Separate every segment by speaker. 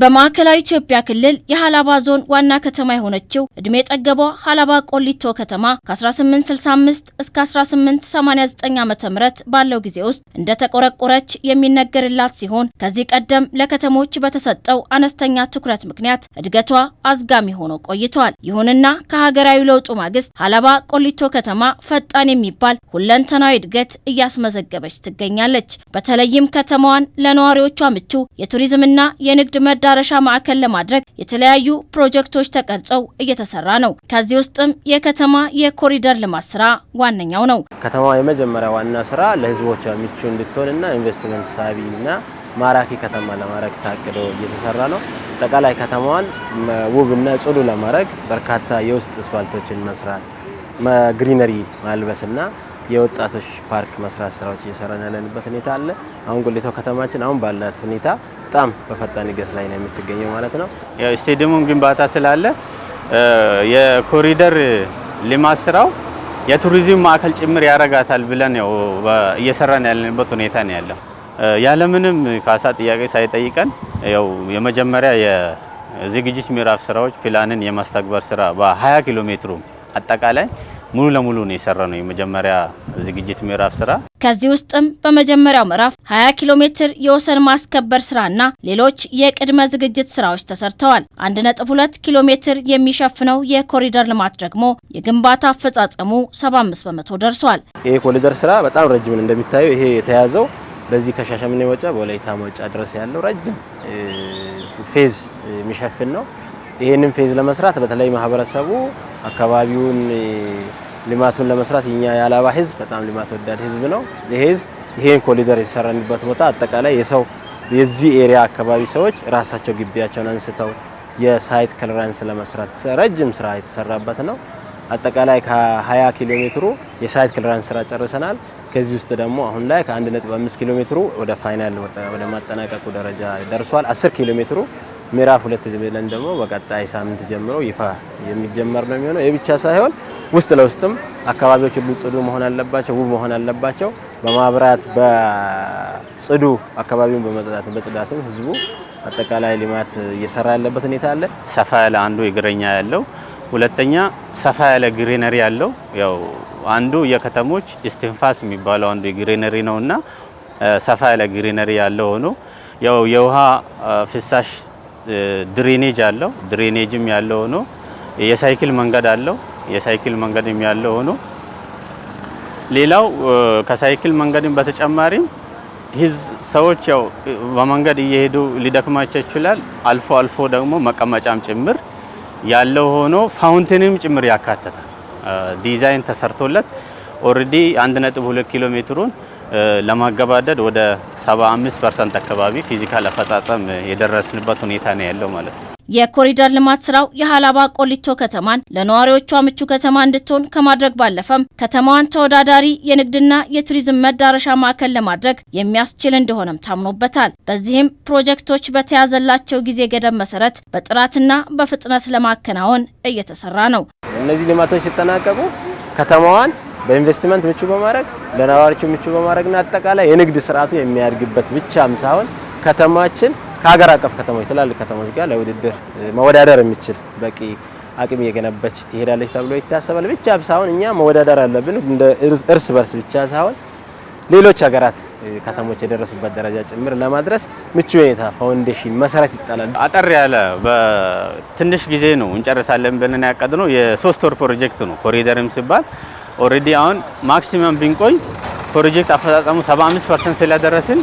Speaker 1: በማዕከላዊ ኢትዮጵያ ክልል የሀላባ ዞን ዋና ከተማ የሆነችው እድሜ ጠገቧ ሀላባ ቆሊቶ ከተማ ከ1865 እስከ 1889 ዓ ም ባለው ጊዜ ውስጥ እንደተቆረቆረች የሚነገርላት ሲሆን ከዚህ ቀደም ለከተሞች በተሰጠው አነስተኛ ትኩረት ምክንያት እድገቷ አዝጋሚ ሆኖ ቆይቷል። ይሁንና ከሀገራዊ ለውጡ ማግስት ሀላባ ቆሊቶ ከተማ ፈጣን የሚባል ሁለንተናዊ እድገት እያስመዘገበች ትገኛለች። በተለይም ከተማዋን ለነዋሪዎቿ ምቹ የቱሪዝምና የንግድ መዳ መዳረሻ ማዕከል ለማድረግ የተለያዩ ፕሮጀክቶች ተቀርጸው እየተሰራ ነው። ከዚህ ውስጥም የከተማ የኮሪደር ልማት ስራ ዋነኛው ነው።
Speaker 2: ከተማ የመጀመሪያ ዋና ስራ ለህዝቦቿ ምቹ እንድትሆንና ኢንቨስትመንት ሳቢና ማራኪ ከተማ ለማድረግ ታቅዶ እየተሰራ ነው። አጠቃላይ ከተማዋን ውብና ጽዱ ለማድረግ በርካታ የውስጥ አስፋልቶችን መስራት፣ ግሪነሪ ማልበስና የወጣቶች ፓርክ መስራት ስራዎች እየሰራን ያለንበት ሁኔታ አለ። አሁን ቁሊቶ ከተማችን አሁን ባላት ሁኔታ በጣም በፈጣን እድገት ላይ ነው የምትገኘው ማለት ነው።
Speaker 3: ስቴዲየሙም ግንባታ ስላለ የኮሪደር ልማት ስራው የቱሪዝም ማዕከል ጭምር ያረጋታል ብለን ያው እየሰራን ያለንበት ሁኔታ ነው ያለው። ያለምንም ካሳ ጥያቄ ሳይጠይቀን ያው የመጀመሪያ የዝግጅት ምዕራፍ ስራዎች ፕላንን የማስተግበር ስራ በ20 ኪሎ ሜትሩ አጠቃላይ ሙሉ ለሙሉ ነው የሰራ ነው የመጀመሪያ ዝግጅት ምዕራፍ ስራ።
Speaker 1: ከዚህ ውስጥም በመጀመሪያው ምዕራፍ 20 ኪሎ ሜትር የወሰን ማስከበር ስራና ሌሎች የቅድመ ዝግጅት ስራዎች ተሰርተዋል። 1.2 ኪሎ ሜትር የሚሸፍነው የኮሪደር ልማት ደግሞ የግንባታ አፈጻጸሙ 75 በመቶ ደርሷል።
Speaker 2: ይሄ ኮሪደር ስራ በጣም ረጅም ነው። እንደሚታየው ይሄ የተያዘው በዚህ ከሻሸምኔ መውጫ በወላይታ መውጫ ድረስ ያለው ረጅም ፌዝ የሚሸፍን ነው። ይህንን ፌዝ ለመስራት በተለይ ማህበረሰቡ አካባቢውን ልማቱን ለመስራት እኛ የአላባ ህዝብ በጣም ልማት ወዳድ ህዝብ ነው። ይሄ ህዝብ ይሄን ኮሊደር የተሰራንበት ቦታ አጠቃላይ የሰው የዚህ ኤሪያ አካባቢ ሰዎች ራሳቸው ግቢያቸውን አንስተው የሳይት ክሊራንስ ለመስራት ረጅም ስራ የተሰራበት ነው። አጠቃላይ ከ20 ኪሎ ሜትሩ የሳይት ክሊራንስ ስራ ጨርሰናል። ከዚህ ውስጥ ደግሞ አሁን ላይ ከ1.5 ኪሎ ሜትሩ ወደ ፋይናል ወደ ማጠናቀቁ ደረጃ ደርሷል። 10 ኪሎ ሜትሩ ምዕራፍ ሁለት ብለን ደግሞ በቀጣይ ሳምንት ጀምሮ ይፋ የሚጀመር ነው የሚሆነው። ይህ ብቻ ሳይሆን ውስጥ ለውስጥም አካባቢዎች ሁሉ ጽዱ መሆን አለባቸው፣ ውብ መሆን አለባቸው። በማብራት በጽዱ አካባቢውን በመጽዳት በጽዳትም ህዝቡ አጠቃላይ ልማት እየሰራ ያለበት ሁኔታ አለ።
Speaker 3: ሰፋ ያለ አንዱ እግረኛ ያለው ሁለተኛ ሰፋ ያለ ግሪነሪ ያለው ያው አንዱ የከተሞች እስትንፋስ የሚባለው አንዱ ግሪነሪ ነውና ሰፋ ያለ ግሪነሪ ያለው ሆኖ ያው የውሃ ፍሳሽ ድሬኔጅ አለው። ድሬኔጅም ያለው ሆኖ የሳይክል መንገድ አለው። የሳይክል መንገድም ያለው ሆኖ ሌላው ከሳይክል መንገድም በተጨማሪም ሰዎች ያው በመንገድ እየሄዱ ሊደክማቸው ይችላል። አልፎ አልፎ ደግሞ መቀመጫም ጭምር ያለው ሆኖ ፋውንቴንም ጭምር ያካተታል። ዲዛይን ተሰርቶለት ኦልሬዲ 1.2 ኪሎ ሜትሩን ለማገባደድ ወደ 75 ፐርሰንት አካባቢ ፊዚካል አፈጻጸም የደረስንበት ሁኔታ ነው ያለው ማለት ነው።
Speaker 1: የኮሪደር ልማት ስራው የሀላባ ቆሊቶ ከተማን ለነዋሪዎቿ ምቹ ከተማ እንድትሆን ከማድረግ ባለፈም ከተማዋን ተወዳዳሪ የንግድና የቱሪዝም መዳረሻ ማዕከል ለማድረግ የሚያስችል እንደሆነም ታምኖበታል። በዚህም ፕሮጀክቶች በተያዘላቸው ጊዜ ገደብ መሰረት በጥራትና በፍጥነት ለማከናወን እየተሰራ ነው።
Speaker 2: እነዚህ ልማቶች ሲጠናቀቁ ከተማዋን በኢንቨስትመንት ምቹ በማድረግ ለነዋሪዎቹ ምቹ በማድረግና አጠቃላይ የንግድ ስርዓቱ የሚያድግበት ብቻም ሳይሆን ከተማችን ከሀገር አቀፍ ከተሞች ትላልቅ ከተሞች ጋር ለውድድር መወዳደር የሚችል በቂ አቅም እየገነባች ትሄዳለች ተብሎ ይታሰባል። ብቻ ሳይሆን እኛ መወዳደር አለብን እንደ እርስ በርስ ብቻ ሳይሆን ሌሎች ሀገራት ከተሞች የደረሱበት ደረጃ ጭምር ለማድረስ ምቹ ሁኔታ ፋውንዴሽን መሰረት ይጣላል።
Speaker 3: አጠር ያለ በትንሽ ጊዜ ነው እንጨርሳለን ብለን ያቀድነው የሶስት ወር ፕሮጀክት ነው። ኮሪደርም ሲባል ኦልሬዲ አሁን ማክሲመም ቢንቆይ ፕሮጀክት አፈጻጸሙ 75% ስለደረስን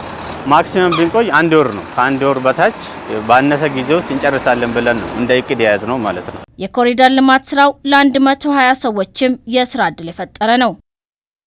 Speaker 3: ማክሲመም ቢንቆይ አንድ ወር ነው። ከአንድ ወር በታች ባነሰ ጊዜ ውስጥ እንጨርሳለን ብለን ነው እንደ እቅድ የያዝ ነው ማለት ነው።
Speaker 1: የኮሪደር ልማት ስራው ለ120 ሰዎችም የስራ ዕድል የፈጠረ ነው።